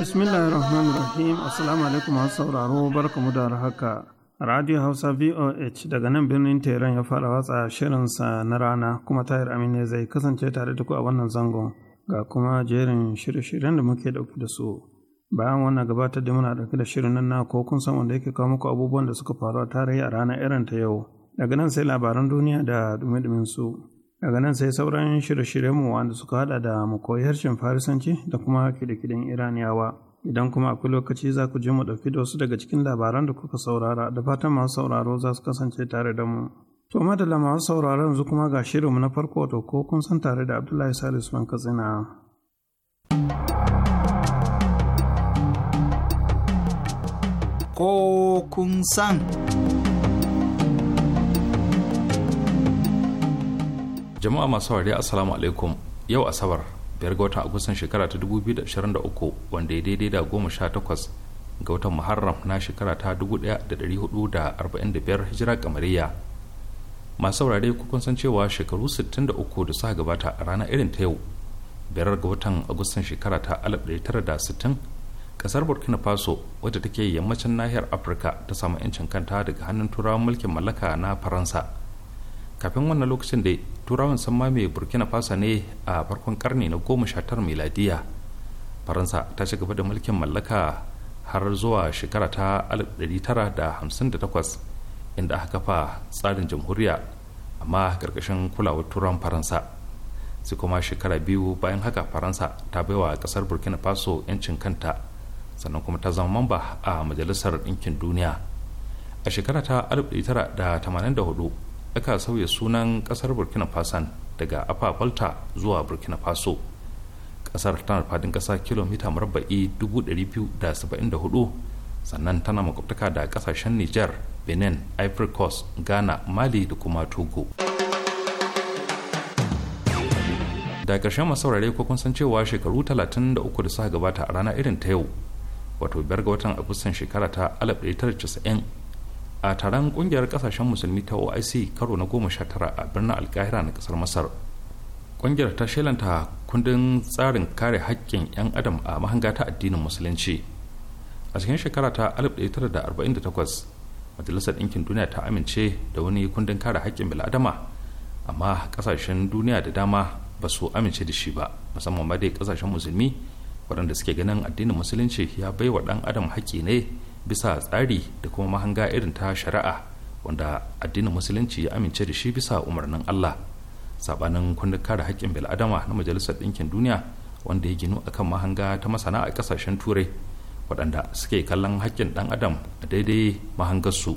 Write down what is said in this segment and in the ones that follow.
Bismillahi rahman rahim assalamu alaikum masu sauraro mu da haka radio hausa voh daga nan birnin teran ya fara watsa shirinsa na rana kuma tahir amina zai kasance tare da ku a wannan zangon ga kuma jerin shirye-shiryen da muke dauki da su bayan wannan gabatar da muna dauke da shirin nan na ko kun san wanda yake kawo muku abubuwan da suka faru a tarihi a rana irin ta yau daga nan sai labaran duniya da dumi-dumin su daga nan sai sauran shirye mu wanda suka hada da mu harshen farisanci da kuma kide iraniyawa idan kuma akwai lokaci za ku je mu ɗauki da wasu daga cikin labaran da kuka saurara da fatan masu sauraro za su kasance tare da mu to madalla masu sauraro yanzu kuma ga shirinmu na farko to ko kun san tare da abdullahi salisu man katsina ko kun san jama'a masu wari assalamu alaikum yau asabar biyar ga watan agustan shekara ta 2023 wanda ya daidai da goma sha takwas ga watan muharram na shekara ta 1445 hijira kamariya masu saurare kukun san cewa shekaru 63 da suka gabata a ranar irin ta yau biyar ga watan agustan shekara ta 1960 kasar burkina faso wadda take yammacin nahiyar afirka ta samu 'yancin kanta daga hannun turawan mulkin mallaka na faransa kafin wannan lokacin da turawan sun mamaye burkina faso ne a farkon karni na goma sha tara miladiya faransa ta ci gaba da mulkin mallaka har zuwa shekara ta 1958 inda aka kafa tsarin jamhuriya amma karkashin kulawar turawan faransa sai kuma shekara biyu bayan haka faransa ta baiwa kasar burkina faso 'yancin kanta sannan kuma ta zama mamba a majalisar ɗinkin duniya a shekara ta 1984 aka sauya sunan kasar burkina faso daga afafalta zuwa burkina faso kasar tana fadin kasa kilomita murabba'i 274 sannan tana makwabtaka da kasashen niger benin ivory coast ghana mali da kuma togo da ƙarshen masaurare ko kun san cewa shekaru 33 da suka gabata a rana irin ta yau wato biyar ga watan agustan shekara ta 1990 a taron kungiyar kasashen musulmi ta oic karo na goma sha tara a birnin alkahira na kasar masar kungiyar ta shelanta kundin tsarin kare haƙƙin 'yan adam a mahanga ta addinin musulunci a cikin shekara ta 1948 majalisar ɗinkin duniya ta amince da wani kundin kare haƙƙin bil'adama amma ƙasashen duniya da dama ba su amince da shi ba musamman ma dai ƙasashen musulmi waɗanda suke ganin addinin musulunci ya baiwa ɗan adam haƙƙi ne bisa tsari da kuma mahanga irin ta shari'a wanda addinin musulunci ya amince da shi bisa umarnin Allah sabanin kundin kare haƙƙin bil'adama na majalisar ɗinkin duniya wanda ya ginu akan mahanga ta masana a ƙasashen turai waɗanda suke kallon haƙƙin ɗan adam a daidai mahangarsu.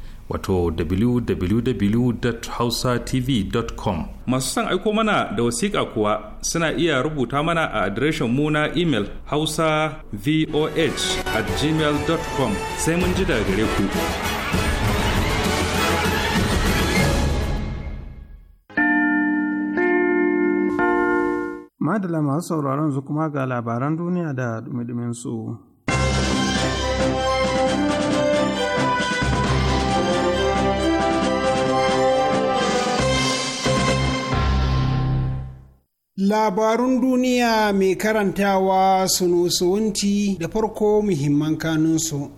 wato www.hausatv.com masu son aiko mana da wasiƙa kuwa suna iya rubuta mana a adireshin mu na imel hausa voh at gmail.com sai mun ji daga gare ku madala masu sauraron su kuma ga labaran duniya da dumi su. Labarun duniya mai karantawa su sunusuwunti da farko muhimman kanunsu.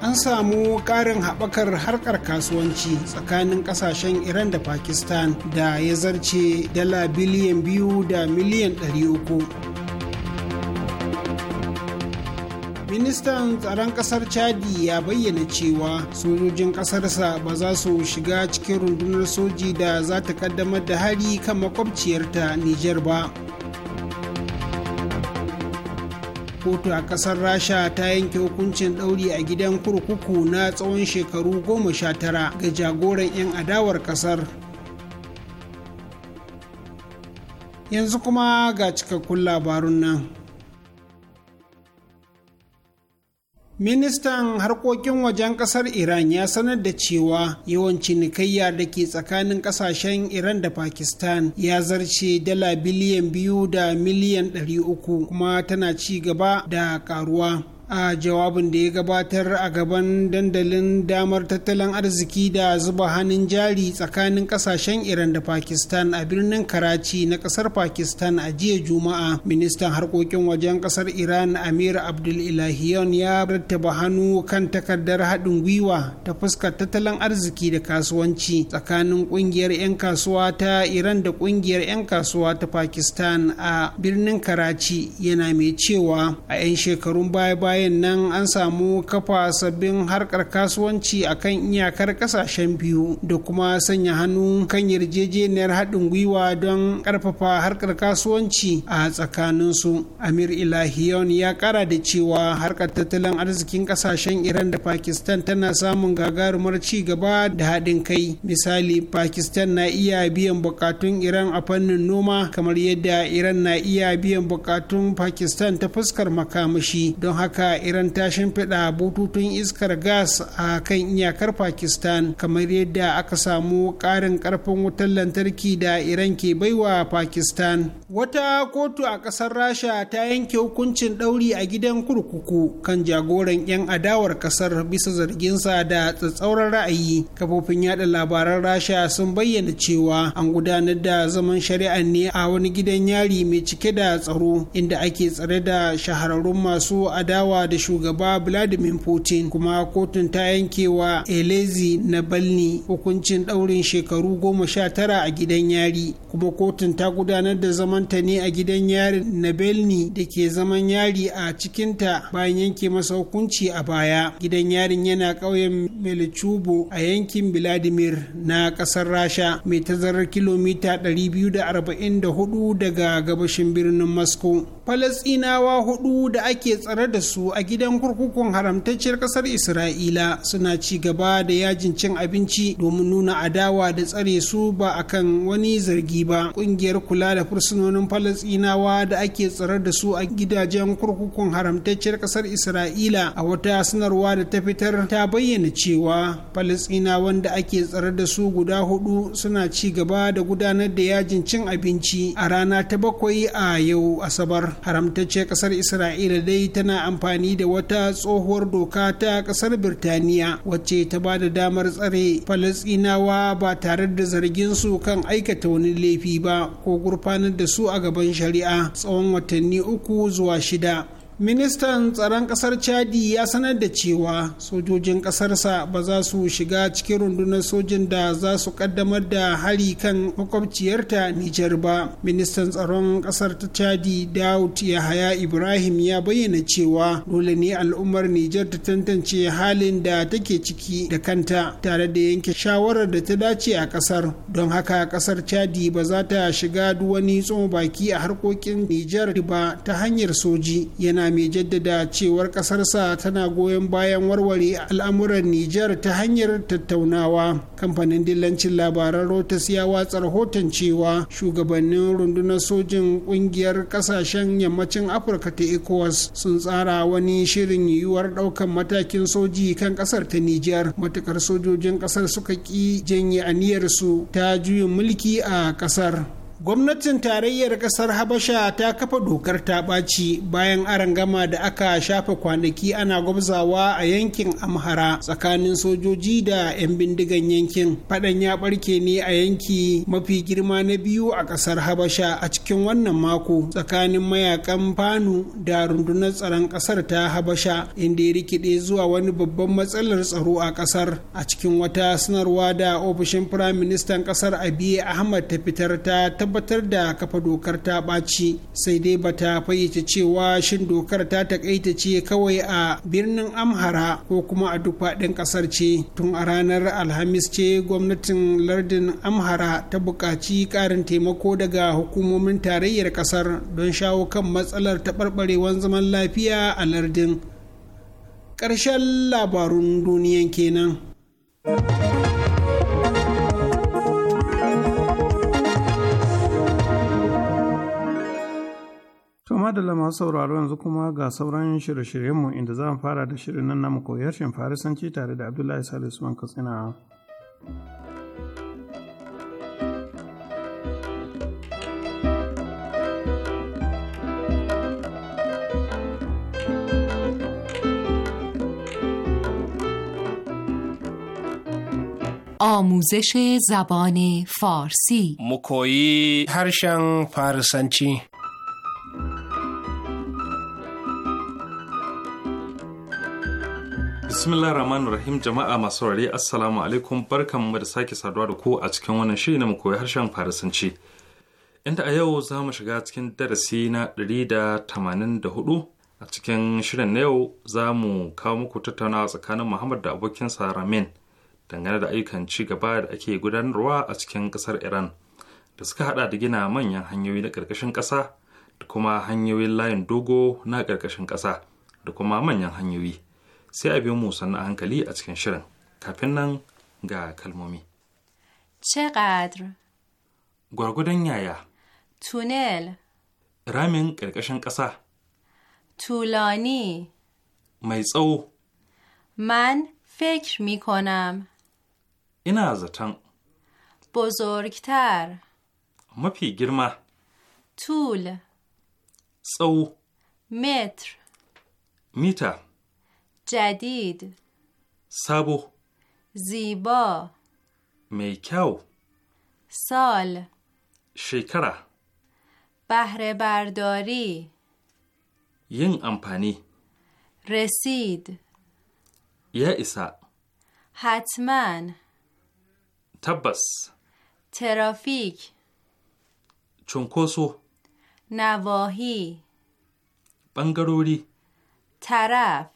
An samu ƙarin haɓakar harkar kasuwanci tsakanin ƙasashen Iran da Pakistan da ya zarce dala biliyan biyu da miliyan ɗari uku. ministan tsaron kasar chadi ya bayyana cewa sojojin kasarsa ba za su shiga cikin rundunar soji da za ta kaddamar da hari kan makwabciyarta nijar ba kotu a kasar rasha ta yanke hukuncin ɗauri a gidan kurkuku na tsawon shekaru goma sha tara ga jagoran 'yan adawar kasar yanzu kuma ga cikakkun labarun nan Ministan harkokin wajen kasar Iran ya sanar da cewa yawan cinikayya da ke tsakanin kasashen Iran da Pakistan ya zarce dala biliyan biyu da miliyan ɗari uku kuma tana ci gaba da ƙaruwa. a jawabin da ya gabatar a gaban dandalin damar tattalin arziki da zuba hannun jari tsakanin kasashen iran da pakistan a birnin karachi na kasar pakistan a jiya juma'a ministan harkokin wajen kasar iran amir abdul ilahiyon ya rattaba hannu kan takardar haɗin gwiwa ta fuskar tattalin arziki da kasuwanci tsakanin ƙungiyar 'yan kasuwa ta iran da ƙungiyar 'yan kasuwa ta pakistan a birnin karachi yana mai cewa a 'yan shekarun baya-baya bayan nan an samu kafa sabbin harkar kasuwanci a kan iyakar kasashen biyu da kuma sanya hannu kan yarjejeniyar haɗin gwiwa don ƙarfafa harkar kasuwanci a tsakaninsu amir ilahiyon ya ƙara da cewa harkar tattalin arzikin kasashen iran da pakistan tana samun gagarumar ci gaba da haɗin kai misali pakistan na iya biyan bukatun iran a fannin noma kamar yadda iran na iya biyan bukatun pakistan ta fuskar makamashi don haka iran ta shimfiɗa bututun iskar gas a kan iyakar pakistan kamar yadda aka samu ƙarin ƙarfin wutar lantarki da iran ke baiwa pakistan wata kotu a ƙasar rasha ta yanke hukuncin ɗauri a gidan kurkuku kan jagoran 'yan adawar ƙasar bisa zarginsa da tsatsauran ra'ayi kafofin yaɗa labaran rasha sun bayyana cewa an gudanar da zaman shari'a ne a wani gidan yari mai cike da tsaro inda ake tsare da shahararrun masu adawa adawa da shugaba vladimir putin kuma kotun ta yankewa elezi na balni hukuncin ɗaurin shekaru goma sha tara a gidan yari kuma kotun ta gudanar da zamanta ne a gidan yarin na belni da ke zaman yari a cikinta bayan yanke masa hukunci a baya gidan yarin yana ƙauyen melchubo a yankin vladimir na ƙasar rasha mai tazarar kilomita 244 daga gabashin birnin moscow falasinawa hudu da ake tsare da su a gidan kurkukun haramtacciyar kasar isra'ila suna ci gaba da yajin cin abinci domin nuna adawa da tsare su ba kan wani zargi ba kungiyar kula da fursunonin falasinawa da ake tsare da su a gidajen kurkukun haramtacciyar kasar isra'ila a wata sanarwa da ta fitar ta bayyana cewa falasinawan da ake tsare da su guda hudu suna ci gaba da gudanar da yajin cin abinci a rana ta bakwai a yau asabar haramtacce kasar isra'ila dai tana amfani da wata tsohuwar doka ta kasar birtaniya wacce ta ba da damar tsare falasinawa ba tare da zargin su kan aikata wani laifi ba ko gurfanar da su a gaban shari'a tsawon watanni uku zuwa shida ministan tsaron kasar chadi ya sanar da cewa sojojin kasarsa ba za su shiga cikin rundunar sojin da za su kaddamar da hari kan makwabciyarta nijar ba ministan tsaron kasar ta chadi daud yahaya ibrahim ya bayyana cewa dole ne al'ummar nijar ta tantance halin da take ciki da kanta tare da yanke shawarar da ta dace a kasar don haka kasar chadi ba za ta shiga duwani tsoma baki a harkokin nijar ba ta hanyar soji yana mai jaddada cewar kasarsa tana goyon bayan warware al'amuran Nijar ta hanyar tattaunawa. Kamfanin dillancin labaran Rotas ya watsa rahoton cewa shugabannin rundunar sojin ƙungiyar ƙasashen yammacin Afirka ta ECOWAS sun tsara wani shirin yiwuwar ɗaukan matakin soji kan ƙasar ta Nijar. Matukar sojojin ƙasar suka ƙi janye aniyarsu ta juyin mulki a ƙasar. gwamnatin tarayyar kasar habasha ta kafa dokar ta ɓaci bayan arangama da aka shafa kwanaki ana gwabzawa a yankin amhara tsakanin sojoji da 'yan bindigan yankin faɗan ya ɓarke ne a yanki mafi girma na biyu a kasar habasha a cikin wannan mako tsakanin mayakan fanu da rundunar tsaron kasar ta habasha inda ya rikide zuwa wani babban matsalar tsaro a kasar a cikin wata sanarwa da ofishin firaministan kasar abiy ahmad ta fitar ta tabbatar da kafa dokar ta ɓaci sai dai bata fayyace cewa shin dokar ta takaita ce kawai a birnin amhara ko kuma a duk faɗin ƙasar ce tun a ranar alhamis ce gwamnatin lardin amhara ta buƙaci ƙarin taimako daga hukumomin tarayyar ƙasar don shawo kan matsalar taɓarɓarewar zaman lafiya a lardin ƙarshen labarun duniyan kenan. da masu sauraro yanzu kuma ga sauran shirye-shiryenmu inda za mu fara da shirin nan namu koyar shin farisanci tare da abdullahi salisu usman katsina آموزش زبان فارسی مکویی هرشن فارسنچی Bismillah Rahman Rahim jama'a masu rari Assalamu alaikum mu da sake saduwa da ku a cikin wannan shiri na mu koyi harshen Farisanci. Inda a yau za mu shiga cikin darasi na ɗari da da hudu a cikin shirin na yau za mu kawo muku tattaunawa tsakanin Muhammad da abokinsa Ramin dangane da ayyukan ci gaba da ake gudanarwa a cikin ƙasar Iran da suka haɗa da gina manyan hanyoyi na ƙarƙashin ƙasa da kuma hanyoyin layin dogo na ƙarƙashin ƙasa da kuma manyan hanyoyi. sai a biyo mu sannan hankali a cikin shirin kafin nan ga kalmomi. چقدر؟ gwargwadon yaya. tunel ramin ƙarƙashin ƙasa. Tuloni. mai tsawo. Man فکر می ina zaton. بزرگتر mafi girma. Tul. tsawo. متر Mita. جدید سبو زیبا میکو سال شکره بهره برداری ین امپانی رسید یا ایسا حتما تبس ترافیک چونکوسو نواهی بنگروری طرف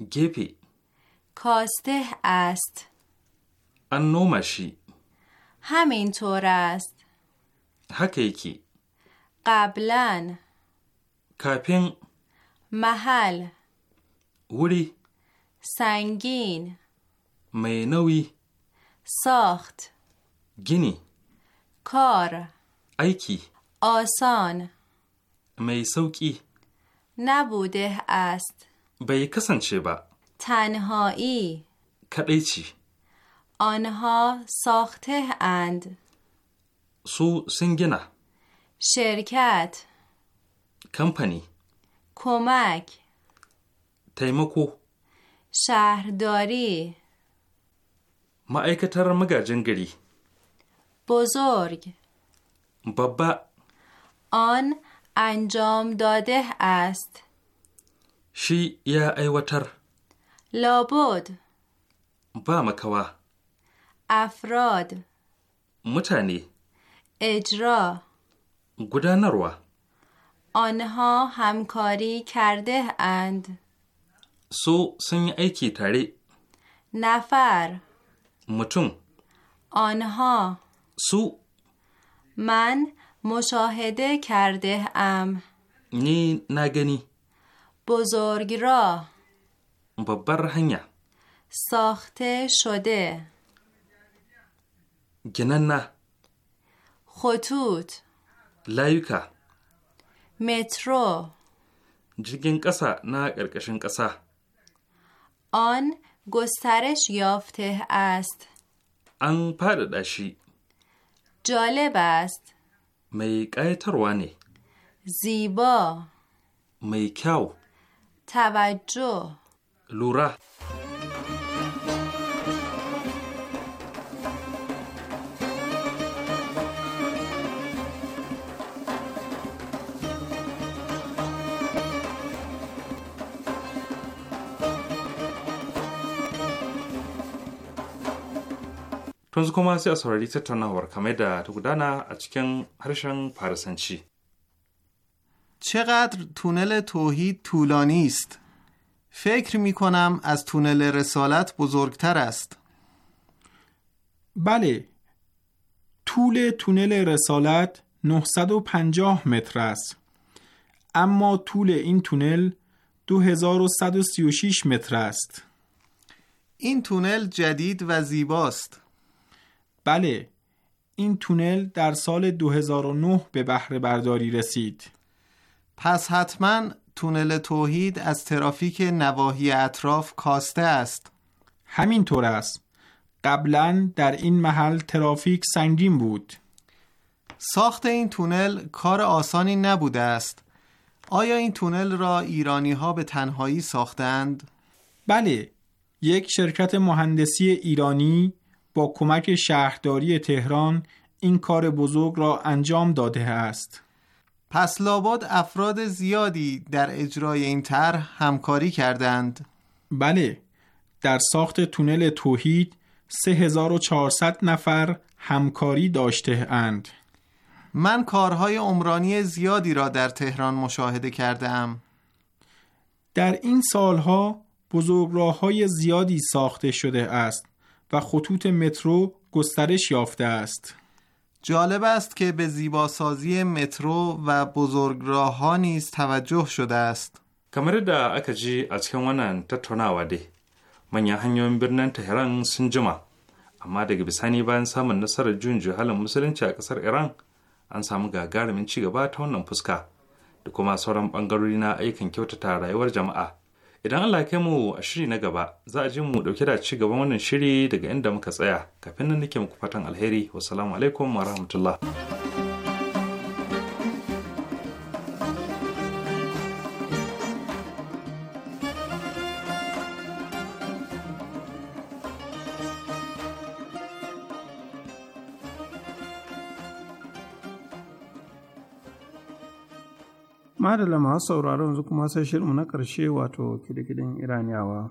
گپی کاسته است انومشی همینطور است حکیکی قبلا کپین محل وری سنگین مینوی ساخت گینی کار ایکی آسان میسوکی نبوده است bai kasance ba. تنهایی کدی چی؟ آنها ساخته اند سو سنگنا شرکت کمپنی کمک تیمکو شهرداری معیکتر مگا جنگلی بزرگ بابا آن انجام داده است شی یا ایوتر لابد با مکوا افراد متانی اجرا گدانروا آنها همکاری کرده اند سو سن ایکی تاری نفر متون آنها سو من مشاهده کرده ام نی نگنی بزرگ را ببرهنگه ساخته شده گننه خطوط لایوکا مترو جگن کسه نا کرکشن کسه. آن گسترش یافته است ان پرداشی جالب است می زیبا میکاو توجه لوره yanzu kuma sai a saurari tattaunawar kamar da ta gudana a cikin harshen farisanci چقدر تونل توحید طولانی است فکر می کنم از تونل رسالت بزرگتر است بله طول تونل رسالت 950 متر است اما طول این تونل 2136 متر است این تونل جدید و زیباست بله این تونل در سال 2009 به بهره برداری رسید پس حتما تونل توحید از ترافیک نواحی اطراف کاسته است همینطور است قبلا در این محل ترافیک سنگین بود ساخت این تونل کار آسانی نبوده است آیا این تونل را ایرانی ها به تنهایی ساختند؟ بله یک شرکت مهندسی ایرانی با کمک شهرداری تهران این کار بزرگ را انجام داده است پس لابد افراد زیادی در اجرای این طرح همکاری کردند بله در ساخت تونل توحید 3400 نفر همکاری داشته اند من کارهای عمرانی زیادی را در تهران مشاهده کرده ام. در این سالها های زیادی ساخته شده است و خطوط مترو گسترش یافته است. جالب است که به زیباسازی مترو و بزرگراه ها نیز توجه شده kamar da aka ji a cikin wannan tattaunawa dai manyan hanyoyin birnin tehran sun jima amma daga bisani bayan samun nasarar juyin halin musulunci a kasar iran an samu gagarumin ci gaba ta wannan fuska da kuma sauran bangarori na ayyukan kyautata rayuwar jama'a idan Allah ya mu a shiri na gaba za a ji mu dauke da ci gaban wannan shiri daga inda muka tsaya kafin nan nake muku fatan alheri wassalamu alaikum wa rahmatullah madalla masu sauraro yanzu kuma sai shirinmu na ƙarshe wato kidikidin iraniyawa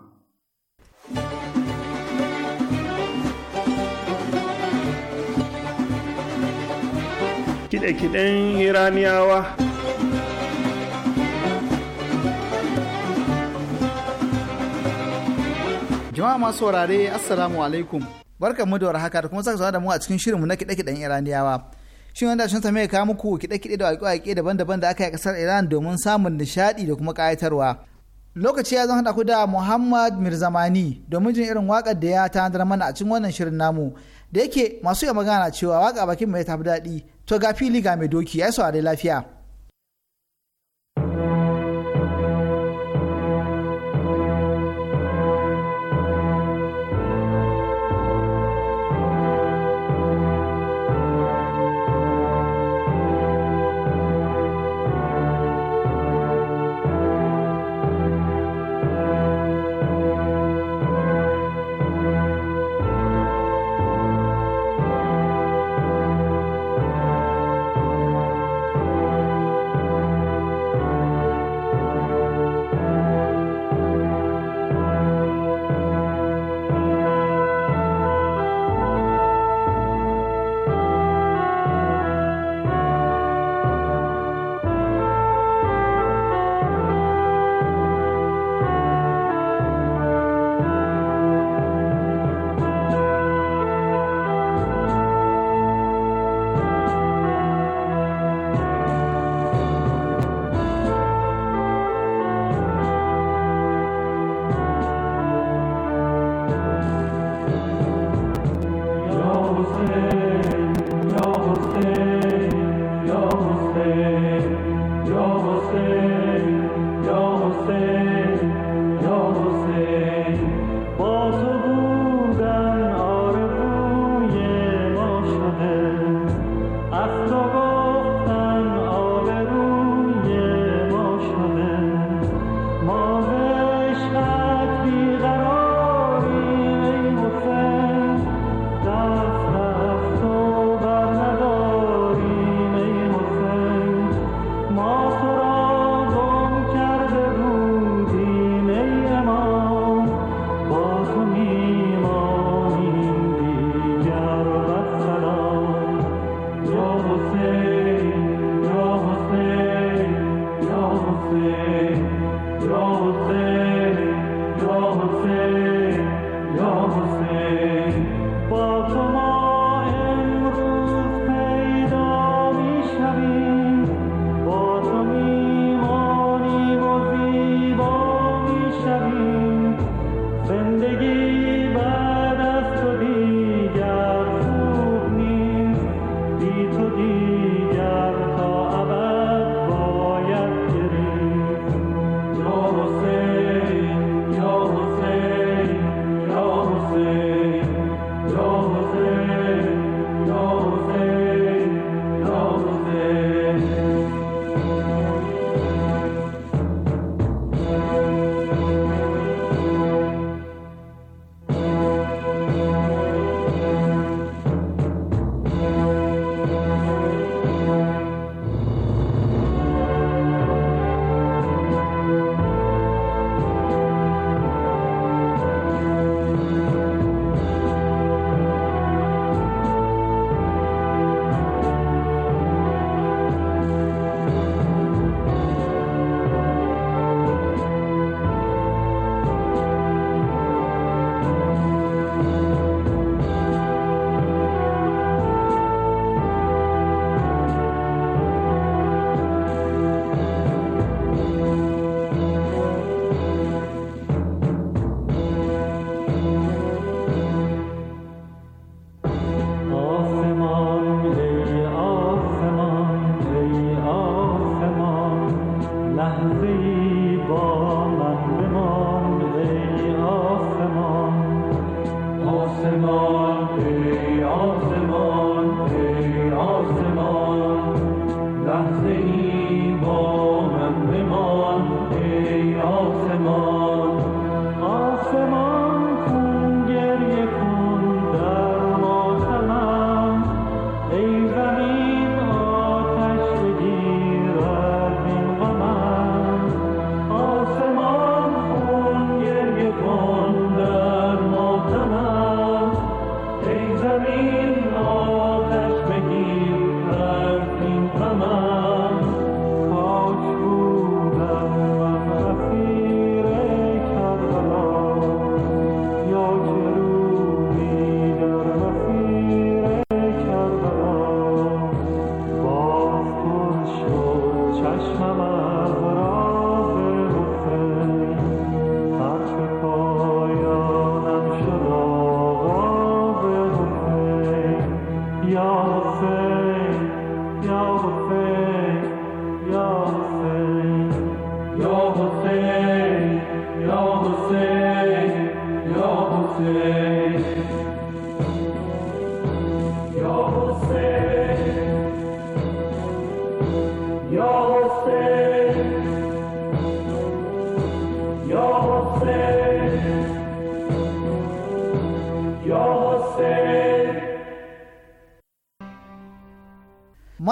kidikidin iraniyawa jama'a masu saurare assalamu alaikum barkan mu da warhaka da kuma saka da mu a cikin shirinmu na kidikidin iraniyawa Shin wanda sun same kawo muku kiɗe-kiɗe da waƙe-waƙe daban-daban da aka yi ƙasar Iran domin samun nishaɗi da kuma ƙayatarwa. Lokaci ya zan hada ku da Muhammad Mirzamani domin jin irin wakar da ya tanadar mana a cikin wannan shirin namu. Da yake masu iya magana cewa waka bakin mai tafi daɗi to ga fili ga mai doki ya yi lafiya.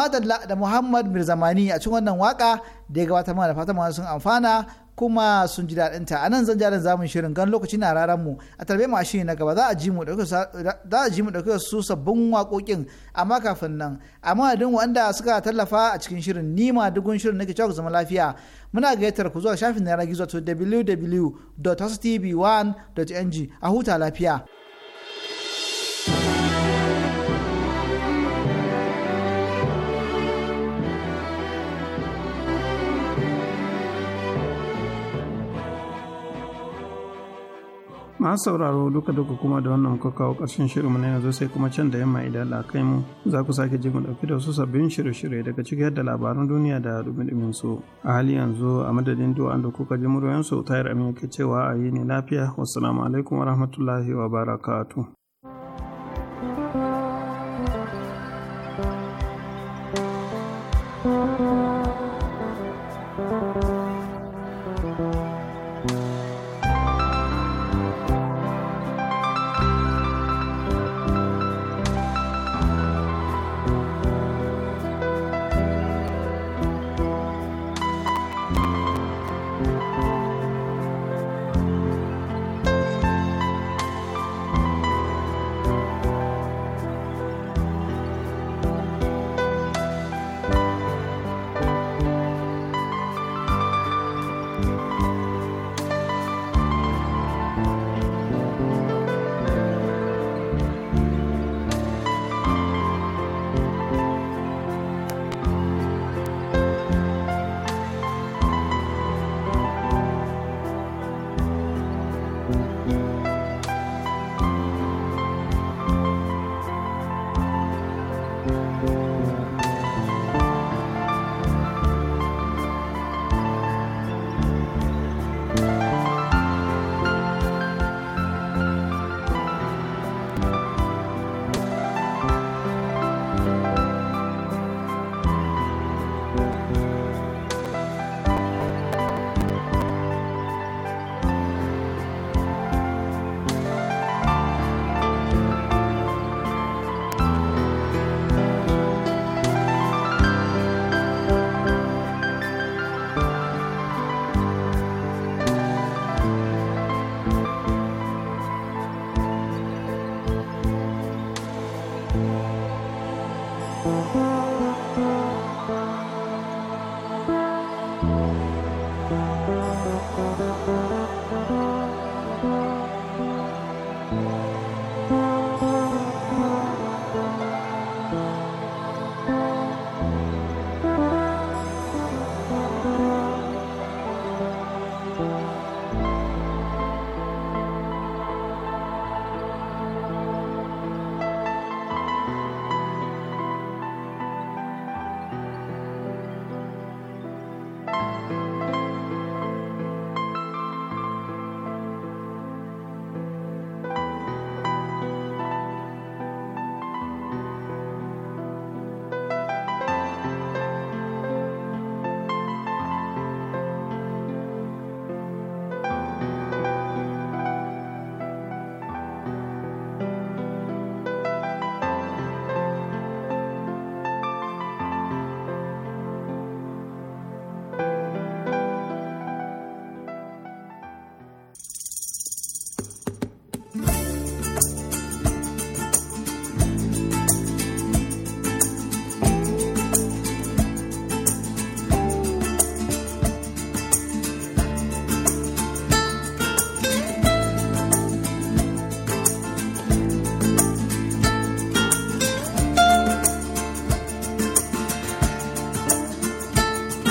madalla da muhammad mirzamani a cikin wannan waka da ya gabata mana da fatan sun amfana kuma sun ji daɗin ta anan zan jarin zamun shirin gan lokaci na raran mu a tarbe mu shi na gaba za a ji mu dauke su sabbin waƙoƙin amma kafin nan amma adin wanda suka tallafa a cikin shirin ni ma dugun shirin nake cewa ku zama lafiya muna gayyatar ku zuwa shafin na yanar gizo to www.hostv1.ng a huta lafiya. masu sauraro duka duka kuma da wannan muka kawo ƙarshen shirinmu na yanzu sai kuma can da yamma idan da kai mu za ku sake jin mu dauki da wasu sabbin shirye-shirye daga ciki da labaran duniya da dumi su a hali yanzu a madadin du'an da kuka ji muryoyin su tayar amin ke cewa a yi ne lafiya wassalamu alaikum wa barakatu.